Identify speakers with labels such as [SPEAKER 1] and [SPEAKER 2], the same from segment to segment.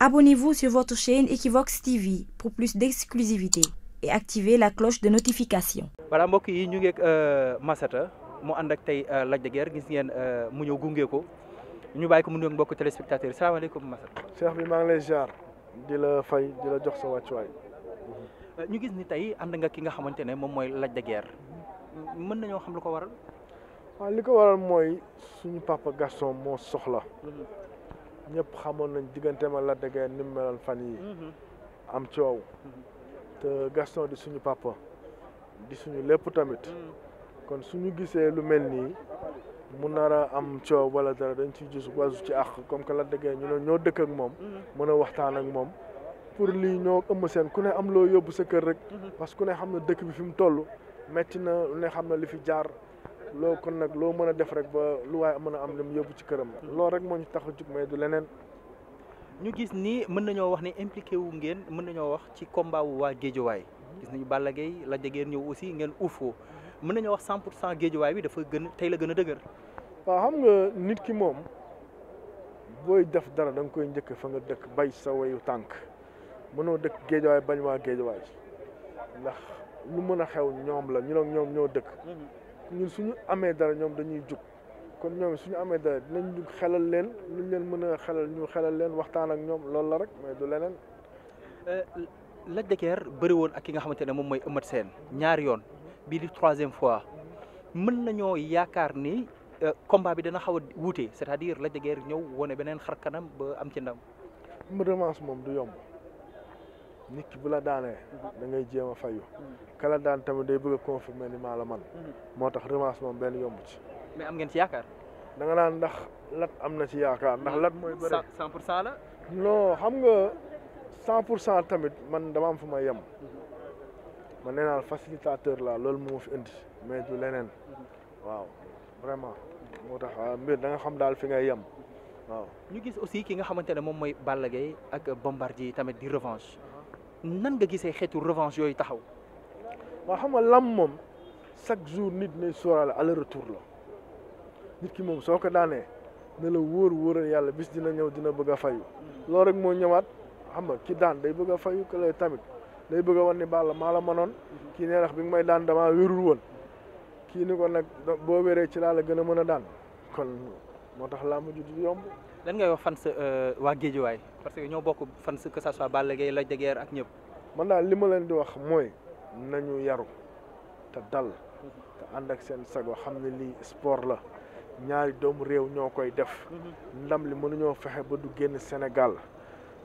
[SPEAKER 1] Abonnez-vous sur votre chaîne Equivox TV pour plus d'exclusivité et activez la cloche de notification.
[SPEAKER 2] voilà mbokk yi ñu ngi ak euh, Massata mu ànd ak tey euh, Lac de Guiers gis ngeen euh, mu ñëw gunge ko ñu bàyyi ko mu ne mbokk téléspectateur salaamaaleykum Massata.
[SPEAKER 1] Cheikh bi maa ngi lay di la fay di la jox sa wàccuwaay. ñu gis ni tey
[SPEAKER 2] ànd nga ki nga xamante ne moom mooy Lac de Guiers mën nañoo xam lu ko waral.
[SPEAKER 1] waaw li ko waral mooy suñu papa Gaston moo soxla. Mhm. ñëpp xamoon nañ digganteem ak Lac de Guiers ni mu meloon fan yi mhm. am coow mhm. te Gaston di suñu papa di suñu lépp tamit mhm. kon suñu gisee lu mel nii mu nar a am coow wala dara dañ ciy gis wasu ci àq comme que Lac de ñu ne ñoo dëkk ak moom mën a waxtaan ak moom pour lii ñoo ëmm seen ku ne am loo yóbbu sa kër rek parce que ku ne xam na dëkk bi fi mu toll metti na ne xam na li fi jaar loo kon nag loo mën a def rek ba lu waaye mën a am lim yóbbu ci këram la loolu rek moo ñu tax a jug du leneen
[SPEAKER 2] ñu gis nii mën nañoo wax ne impliqué wu ngeen mën nañoo wax ci combat waa géejuwaay gis nañu Balla Gaye la jegeen ñëw aussi ngeen uufoo mën nañoo wax cent pour cent géejuwaay bi dafa gën tey la gën a dëgër
[SPEAKER 1] waaw xam nga nit ki moom booy def dara da koy njëkk fa nga dëkk bay sa wayu tànk mënoo dëkk géejawaay bañ waa géejawaay ndax lu mën a xew ñoom la ñu ne ñoom ñoo dëkk mhm. ñun ñu amee dara ñoom dañuy jug kon ñoom suñu amee dara dinañ jug xelal leen luñ leen mën a xelal ñu xelal leen waxtaan ak ñoom loolu la rek mais du leneen.
[SPEAKER 2] Euh, Lac de Guiers bëri woon ak ki nga xamante ne moom mooy Eumeu seen ñaari yoon bii di troisième fois mën nañoo yaakaar ni euh, combat bi dana xaw a wuute c'est-à-dire Lac de Guiers ñëw wane beneen xarkanam ba am ci ndam.
[SPEAKER 1] revanche moom du yomb. nit ki bu la daanee da ngay jéem a fayu kala daan tamit day bëgg a ni maa la man moo tax revanche moom benn yomb ci mais am ngeen ci yaakaar da nga ndax lat am na ci yaakaar ndax lat mooy bëri cent pour cent la xam nga cent pour cent tamit man dama am fu ma yem man nee naa facilitateur la loolu moo fi indi mais du leneen waaw vraiment moo tax mbir da nga xam daal fi ngay yem waaw
[SPEAKER 2] ñu gis aussi ki nga xamante ne moom mooy Balla Gaye ak Bombardier tamit di revanche nan nga gisee xeetu revanche yooyu taxaw.
[SPEAKER 1] waa xam nga lam moom chaque jour nit ne sóoraale aller retour la nit ki moom soo ko daanee ne la wóor wóoral yàlla bis dina ñëw dina bëgg a fayu loolu rek moo ñëwaat xam nga ki daan day bëgg a fayu que lay tamit day bëgg a wan ni maa la mënoon kii nee ndax bi nga may daan damaa wérul woon kii ni ko nag boo wéree ci laa la gën a mën a daan kon moo tax làmb ji di yomb.
[SPEAKER 2] lan ngay wax fan sa euh, waa Géejuwaay parce que ñoo bokk fan sa que ça soit Balla Gaye Lac de ak ñëpp.
[SPEAKER 1] man daal li ma leen di wax mooy nañu yaru te dal te ànd ak seen sago xam ne lii sport la ñaari doomu réew ñoo koy def mhm. ndam li mënuñoo fexe ba du génn Sénégal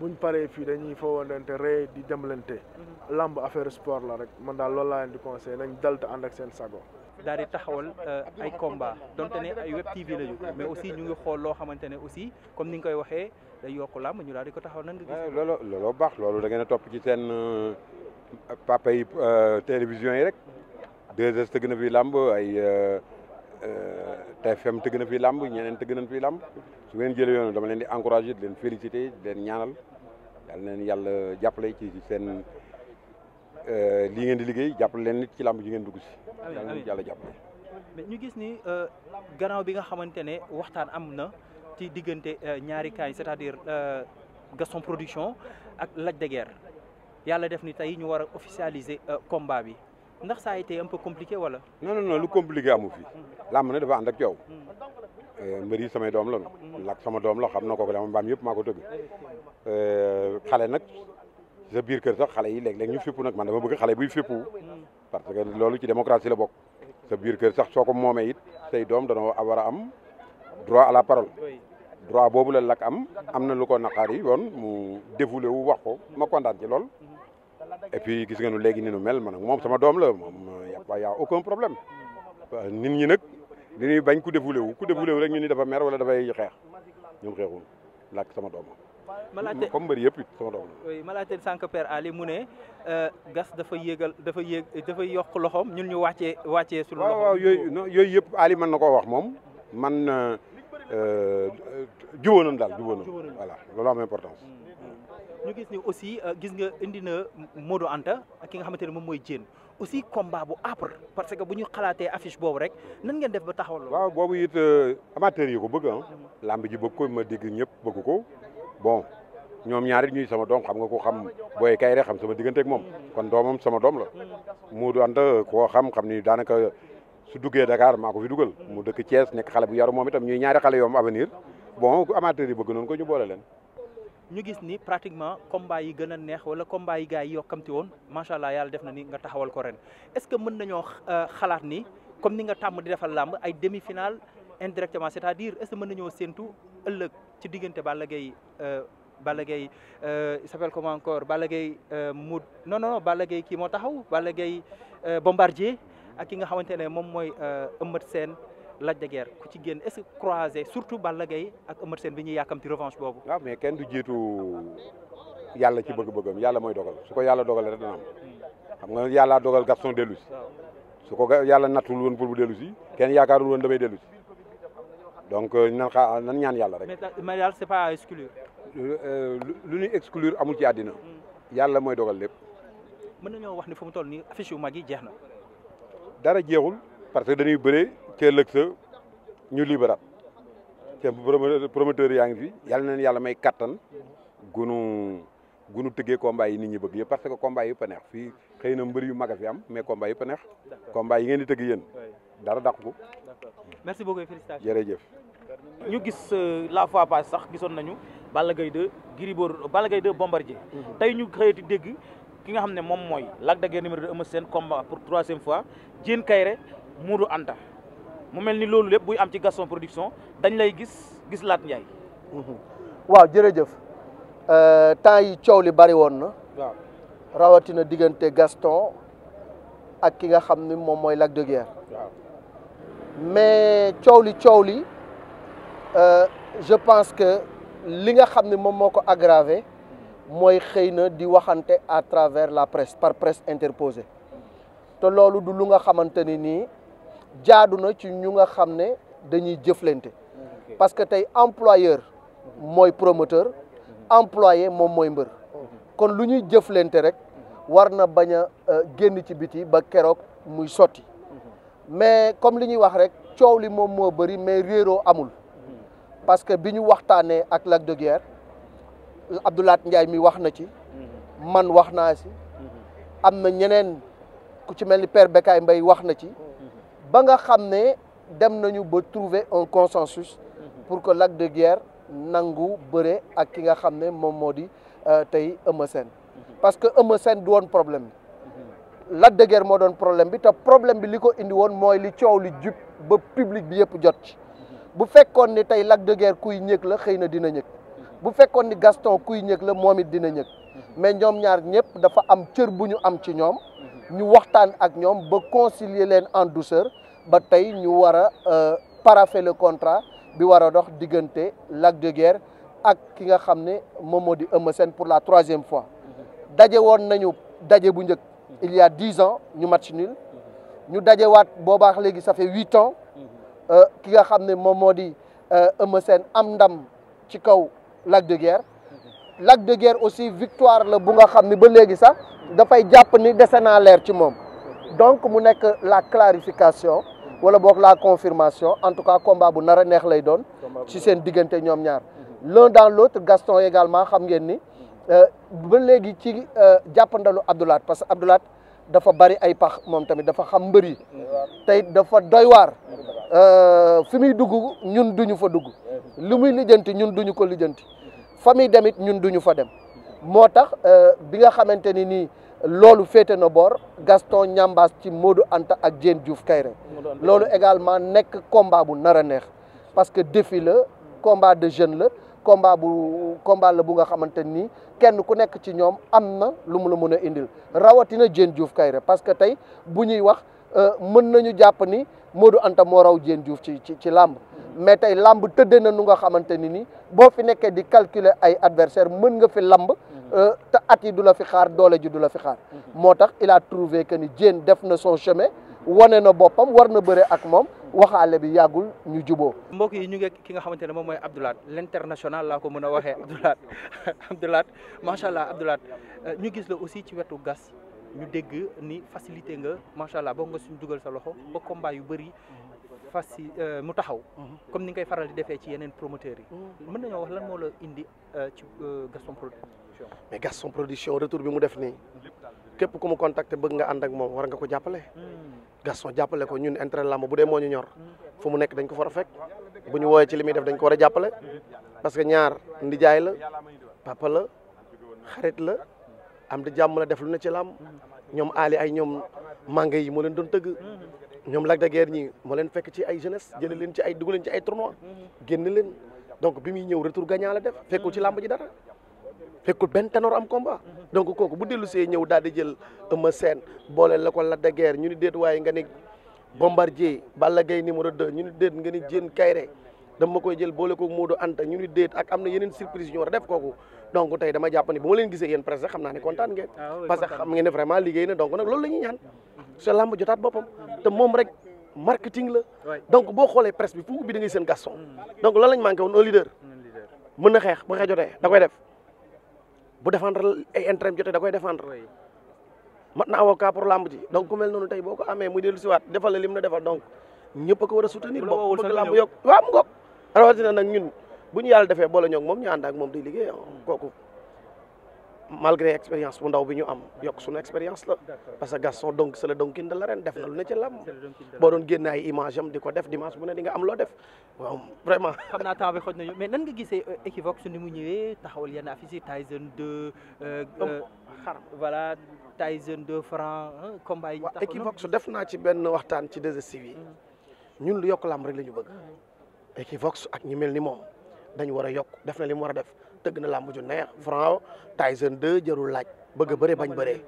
[SPEAKER 1] buñ paree fii dañuy fowandante ree di demlante mhm. làmb affaire sport la rek man daal loolu laa leen di conseillé nañ dal te ànd ak seen sago.
[SPEAKER 2] daal di taxawal euh, ay combat donte ne ay web TV lañu mais aussi ñu ngi xool loo xamante ne aussi comme ni nga koy waxee day yokk làmb ñu daal di ko
[SPEAKER 3] taxaw nan nga gis. baax loolu da ngeen a topp ci seen euh, papay yi euh, télévision yi rek 2S tëgg na fi làmb ay te tëgg na fi làmb ñeneen tëgg nañ fi làmb su ngeen jëlee yoonu dama leen di encouragé di leen félicité di leen ñaanal yal na leen yàlla jàppale ci seen. Euh, li ngeen di liggéey jàppale leen nit ci làmb ji ngeen dugg si. amiin amiin yàlla jàppale.
[SPEAKER 2] ñu gis ni euh, gannaaw bi nga xamante ne waxtaan am na ci diggante euh, ñaari kaay c'est-à-dire Gaston Production ak Lac de yàlla def ni tey ñu war a officialiser combat bi ndax ça a été un peu compliqué wala.
[SPEAKER 3] non non lu compliqué amu fi. làmb na dafa ànd ak coow. Hmm. mbër yi samay doom la ñu. Hmm. Lac sama doom la xam na ko ko dama mbaam yëpp maa ko tëgg. ca sa biir kër sax xale yi léeg-léeg ñu fippu nag man dama bëgg xale buy fippu parce que loolu ci démocratie la bok sa biir kër sax soo ko moomee it say doom danoo war am droit à la parole droit boobu la lak am am na lu ko naqari yoon mu dévoulé wu wax ko ma kontaan ci lool et puis gis nga nu léegi ni nu mel man moom sama doom la moom y a aucun problème nit ñi nag dañuy bañ ku dévoulé wu ku dévoulé wu rek ñu ni dafa mer wala dafay xeex ñoom xeexul lak sama doomam ma laajte comme mbëri yëpp it sama doom
[SPEAKER 2] la. ma laajte sànq Père Ali mu ne euh, gas dafa yéegal dafa yéeg dafa yokk loxoom ñun ñu wàccee wàccee. suñu loxo waaw yooyu
[SPEAKER 3] yooyu yëpp Ali man na koo wax moom man euh, euh, jubóo nañ daal jubóo nañ voilà loolu am importance. Mm.
[SPEAKER 2] ñu gis ni aussi gis nga indi na Modou Anta ak ki nga xamante ne moom mooy Diène aussi combat bu âpre parce que bu ñu xalaatee affiche boobu rek nan ngeen def ba taxawal. waaw
[SPEAKER 3] boobu it amateurs yi ko bëgg ah. Mm. làmb ji bëgg ko ma dégg ñëpp bëgg ko. bon ñoom ñaarit ñuy sama doom xam nga ko xam booy kay rek xam sama diggante moom kon doomam sama doom la mu du ànd koo xam ni daanaka su duggee Dakar maa ko dugal mu dëkk Thiès nekk xale bu yaru moom itam ñuy ñaari xale yoom avenir bon amateurs yi bëgg noonu ko ñu boole leen ñu gis
[SPEAKER 2] ni pratiquement combat yi gën a neex wala combat yi gars yi yokkamti woon macha allah yàlla def na ni nga taxawal ko ren est-ce que mën nañoo euh, xalaat ni comme ni nga tàmm di defal làmb ay demi-finale indirectement c'est-à-dire est-ce que mën nañoo séntu ëllëg ci diggante Balla Gaye euh, Balla Gaye euh, il s'appelle comment encore Balla Gaye euh, Mood non non Balla Gaye kii moo taxaw Balla Gaye Bombardier ak ki nga xamante ne moom mooy Eumeu seen Lac de Guiers ku ci génn est-ce que croisé surtout Balla Gaye ak Eumeu Sène bi ñuy yàkkamti revanche boobu.
[SPEAKER 3] waaw ah, mais kenn du jiitu yàlla ci bëgg-bëggam yàlla mooy dogal su ko yàlla dogalee rek dana am xam nga yàlla dogal Gaston dellu si su ko yàlla nattul woon pour bu dellu si yaakaarul woon damay dellu si donc euh, nan nan ñaan yàlla rek.
[SPEAKER 2] mais daal pas à exclure.
[SPEAKER 3] Euh, euh, lu ñuy exclure amul ci àddina. Mm. yàlla mooy dogal lépp.
[SPEAKER 2] mën nañoo wax ni fu mu toll nii affiche yu mag yi jeex na.
[SPEAKER 3] dara jeexul parce que dañuy bëree ca lëg sa ñu libéral te promoteur yaa ngi fi yàlla nan leen yàlla may kattan gunu gunu tëggee combat yi nit ñi bëgg parce que combat yi yëpp a neex fii xëy na mbër yu mag fi am mais combat yi yëpp a neex. yi ngeen di tëgg yéen. dara dàq ko.
[SPEAKER 2] merci beaucoup félicitations ñu gis euh, la fois passée sax gisoon nañu Balla Gaye 2 Gris euh, bala gay Gaye 2 Bombardier. Mhm. tey ñu xëyati dégg ki nga xam ne moom mooy Lac de Guiers numéro 2 Eumeu Sène combat pour troisième fois Diène Kaïré Modou Anta mu mel ni loolu lépp buy am ci Gaston Production dañ lay gis gis Laat Ndiaye.
[SPEAKER 4] Mhm. waaw jërëjëf euh, temps yi coow li bari woon na. waaw rawatina diggante Gaston ak ki nga xam ni moom mooy Lac de waaw mais coow li coow li euh, je pense que li nga xam ne moom moo ko aggravé mooy xëy na di waxante à travers la presse par presse interposée te loolu du lu nga xamante ni nii jaadu na ci ñu nga xam ne dañuy jëflante parce que tey employeur mooy promoteur employé moom mooy mbër kon lu ñuy jëflante rek war na bañ a euh, génn ci biti ba keroog muy sotti mais comme li ñuy wax rek coow li moom moo bëri mais réeroo amul parce que bi ñu waxtaanee ak Lac de Guiers Abdoulaye Ndiaye mi wax na ci man wax naa si am na ñeneen ku ci mel ni Père Bekaay Mbaye wax na ci ba nga xam ne dem nañu ba trouver un consensus pour que Lac de Guiers nangu bëre ak ki nga xam ne moom moo di euh, tey Eumeu Sène parce que Eumeu Sène du woon problème Lac de Guiers moo doon problème bi te problème bi li ko indi woon mooy li coow li jub ba public bi yëpp jot ci bu fekkoon ni tey Lac de Guiers kuy ñëg la xëy na dina ñëg bu fekkoon ni Gaston kuy ñëg la moom it dina ñëg mais ñoom ñaar ñëpp dafa am cër bu ñu am ci ñoom ñu waxtaan ak ñoom ba concilier leen en douceur ba tey ñu war a euh, paraphé le contrat bi war a dox diggante Lac de Guiers ak ki nga xam ne moom moo di Eumeu Sène pour la troisième fois daje woon nañu daje bu njëkk il y a ans ñu match nul ñu dajewaat boobaax léegi ça fait huit ans euh, ki nga xam ne moom moo di euh, Eumeu Sène am ndam ci kaw Lac de Guiers Lac de Guiers aussi victoire la bu nga xam ne ba léegi sax dafay jàpp ni dese naa leer ci moom donc mu nekk la clarification wala boog la confirmation en tout cas combat bu nar a neex lay doon ci seen diggante ñoom ñaar l'un dans l'autre Gaston également xam ngeen ni ba léegi ci euh, jàppandalu Abdoulaat parce que Abdoulaat dafa bari ay pax moom tamit dafa xam mbër yi tey dafa doy waar euh, fi muy dugg ñun duñu fa dugg lu muy lijjanti ñun duñu ko lijjanti famille demit ñun duñu fa dem moo tax euh, bi nga xamante ni nii loolu féete na bor Gaston Ñambaas ci Modou Anta ak Diène Diouf Kayre loolu également nekk combat bu nar a neex parce que défi la combat de jeune la combat bu combat la bu nga xamante ni kenn ku nekk ci ñoom am na lu mu la mën a indil rawatina Diène Diouf Kairé parce que tey bu ñuy wax euh, mën nañu jàpp ni Modou Anta moo raw Diène Diouf ci ci ci làmb mais tey làmb tëddee na nu nga xamante ni ni boo fi nekkee di calculer ay adversaire mën nga fi lamb mhm. euh, te at yi du la fi xaar doole ji du la fi xaar mhm. moo tax il a trouvé que ni Diène def na son chemin wane na boppam war na bëre ak moom waxaale bi yàggul ñu juboo
[SPEAKER 2] mbokk yi ñu ngi ki nga xamante ne moom mooy Abdou Lahat l'international laa ko mën a waxee Abdou Lahat Abdou allah Abdou euh, ñu gis la aussi ci wetu gas ñu dégg ni facilité nga macha allah boog nga suñu dugal sa loxo ba combat yu bëri faci euh, mu taxaw. Mhm. comme ni nga koy faral di defee ci yeneen promoteurs yi. Mhm. mën nañoo wax lan moo la indi euh, ci Gaston production.
[SPEAKER 5] mais Gaston production retour bi mu def nii képp ku mu contacté bëgg nga ànd ak moom war nga ko jàppale. Hmm. Gaston jàppale ko ñun intérêt làmb bu dee moo ñu ñor fu mu nekk dañ ko war a fekk bu ñu wooyee ci li muy def dañ ko war a jàppale parce que ñaar ndijaay la papa la xarit la am di jàmm la def lu na ci làmb ñoom Ali ay ñoom màngo yi moo leen doon tëgg ñoom Lac de ñi moo leen fekk ci ay jeunesse jële leen ci ay dugg leen ci ay tournoi génn leen donc bi muy ñëw retour gagnant la def fekkul ci làmb ji dara fekkul benn ténor am combat donc kooku bu dellu see ñëw daal di jël Eumeu Sène booleel la ko Lac de Guiers ñu ni déet waaye nga ni Bombardier Balla Gaye numéro 2 ñu ni déet nga ni Diène kayre dama koy jël boole ko Modou Anta ñu ni déet ak am na yeneen surprise ñu war a def kooku donc te dama jàpp ni bu ma leen gisee yéen presse xam naa ne kontaan ngeen
[SPEAKER 1] ah parce que xam
[SPEAKER 5] ngeen ne vraiment liggéey na donc nag loolu la ñuy ñaan sa lamb jotaat boppam te moo rek marketing la donc boo xoolee presse bi fu ubbi da ngay seen Gaston mm. donc lañ manqué woon un mën na xeex ba xeexjotee da koy def bu défendre ay intérêt jotee da koy défendre mat na avocat pour làmb ji donc ku mel noonu tey boo ko amee muy dellu siwaat defal la lim na defal donc ñëpp a ko war a soutenir boo bëgg làmb yokk waaw mu ngoog rawatina nag ñun bu ñu yàlla defee boole ñoog moom ñu ànd ak moom di liggéey ah, kooku malgré expérience bu ndaw bi ñu am yokk suñu expérience la parce que Gaston donc c'est le Don King de l'arène def na lu ne ci lamb boo doon génne ay image di ko def dimanche bu ne di nga am loo def
[SPEAKER 2] waaw xam naa temps bi xoj nañu mais nan nga gisee euh, Equivox ni mu ñëwee taxawal yenn affiche yi Tyson 2. Euh, euh, xar voilà Tyson 2 franc combat yi. taxaw Equivox
[SPEAKER 5] def naa ci benn waxtaan ci 2STV mm-hmm. ñun lu yokk lamb rek la ñu bëgg mm-hmm. Equivox ak ñu mel ni moom dañu war a yokk def na li mu a def. tëgg na làmb ju neex Franc Tyson 2 jarul laaj bëgg a bëre bañ bëree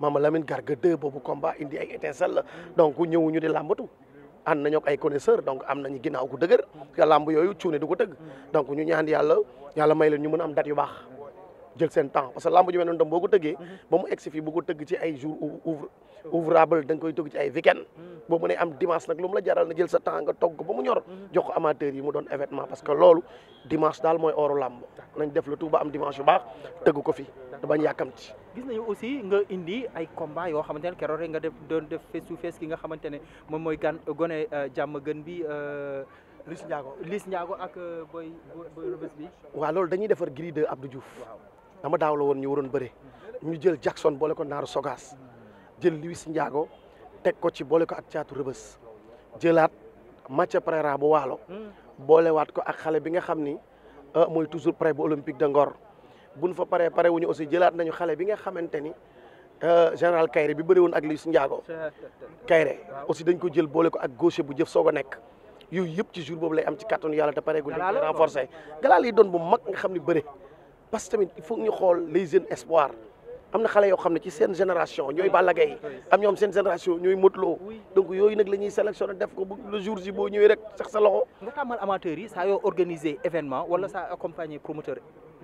[SPEAKER 5] Mama Lamine Garga 2 boobu combat indi ay étincelle la donc ñëwuñu di làmbatu ànd nañu ak ay connaisseur donc am nañu ginnaaw ku dëgër làmb yooyu cuune du ko tëgg donc ñu ñaan yàlla yàlla may leen ñu a am dat yu baax jël seen temps parce que lamb ju mel noonu tam boo ko tëggee mhm. ba mu egsi fii bu ko tëgg ci ay jour ouvre ouvrable da nga koy tëgg ci ay weekend mhm. boo mënee am dimanche nag lu la jaral na jël sa temps nga togg ba mu ñor mhm. jox ko amateur yi mu doon événement parce que loolu dimanche daal mooy ooru lamb nañ def le tu ba am dimanche bu baax tëgg ko fi te bañ yàkkamti
[SPEAKER 2] gis nañu aussi nga indi ay combat yoo xamante ne keroog rek nga def doon def face to face ki nga xamante ne moom mooy gan gone euh, jàmm gën bi Liss euh, Ndiago Liss Ndiago ak euh, boy boy
[SPEAKER 5] loolu dañuy defar grille de Abdou Diouf dama daaw la woon ñu waroon bëre ñu jël Jackson boole ko Naaru Sogaas jël Luis njaago teg ko ci boole ko ak caatu rëbës jëlaat Mathieu Preira bu waalo boolewaat ko ak xale bi nga xam ni euh, mooy toujours prêt bu olympique de Ngor buñ fa paree pare wuñu aussi jëlaat nañu xale bi nga xamante ni euh, général Kayre bi bëri woon ak Luis Ndiago
[SPEAKER 1] Kayre aussi
[SPEAKER 5] dañ ko jël boole ko ak gaucher bu jëf soog nekk yooyu yëpp ci jour boobu lay am ci kàttanu yàlla te pareegu leen renforcé galaal mag nga xam ni bëre parce que tamit il faut ñu xool les jeunes espoirs am na xale yoo xam ne ci seen génération ñooy Balla Gaye am ñoom seen
[SPEAKER 2] génération ñooy Modou Lo yooyu nag la ñuy sélectionné def ko bu le jour ji boo ñëwee rek sax sa loxo. nga tàmmal amateurs yi saa yoo organiser événement wala sa accompagner promoteur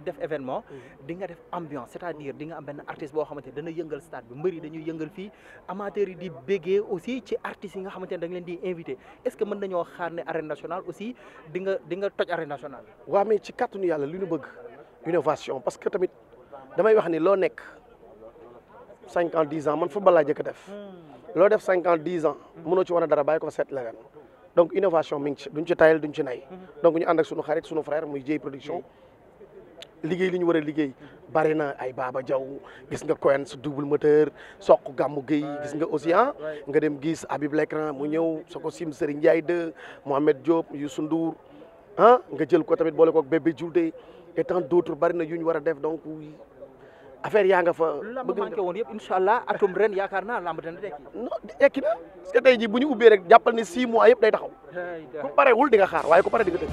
[SPEAKER 2] def événement di nga def ambiance c'est-à-dire di nga am benn artiste xamante ne dana yëngal stade bi mbëri dañuy yëngal fii amateurs yi di béggee aussi ci artistes yi nga xamante ne dañ leen di invité est-ce que mën nañoo xaar ne arène nationale aussi nga di nga toj arène nationale.
[SPEAKER 5] waaw mais ci kàttanu li ñu bëgg. innovation parce que tamit damay wax ni loo nekk cinq ans man football laa jëkk def hmm. loo def ans dix ans hmm. mënoo dara bàyyi ko fa seet leneen donc innovation mi ci duñ ci tayal duñ ci nay hmm. donc ñu ànd ak sunu xarit sunu frère muy Dieye production liggéey li war a liggéey bari ay Baba Diaw gis nga Coen sa double moteur soq gàmmu Guèye gis nga aussi nga dem gis Habib Lecran mu ñëw Soko Sim Serigne Ndiaye 2 Mohamed Diop Youssou Ndour ah nga jël ko tamit boole ko bébé Diouldé et tant d'autres bari na yu ñu war a def donc affaire yaa nga fa. bëgg na
[SPEAKER 2] woon yëpp incha allah atum ren yaakaar naa lamb dana dekki.
[SPEAKER 5] non na parce que tey jii bu ñu ubbee rek jàppal ne six mois yëpp day taxaw. ku parewul di nga xaar waaye ko pare di nga